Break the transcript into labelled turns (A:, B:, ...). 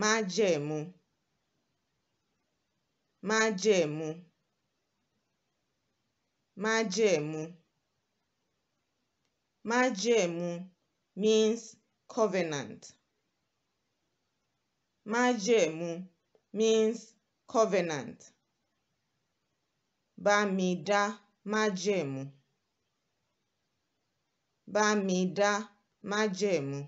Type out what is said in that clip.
A: májẹ̀mú májẹ̀mú májẹ̀mú májẹ̀mú means covenant májẹ̀mú means covenant bá mi dá májẹ̀mú bá mi dá májẹ̀mú.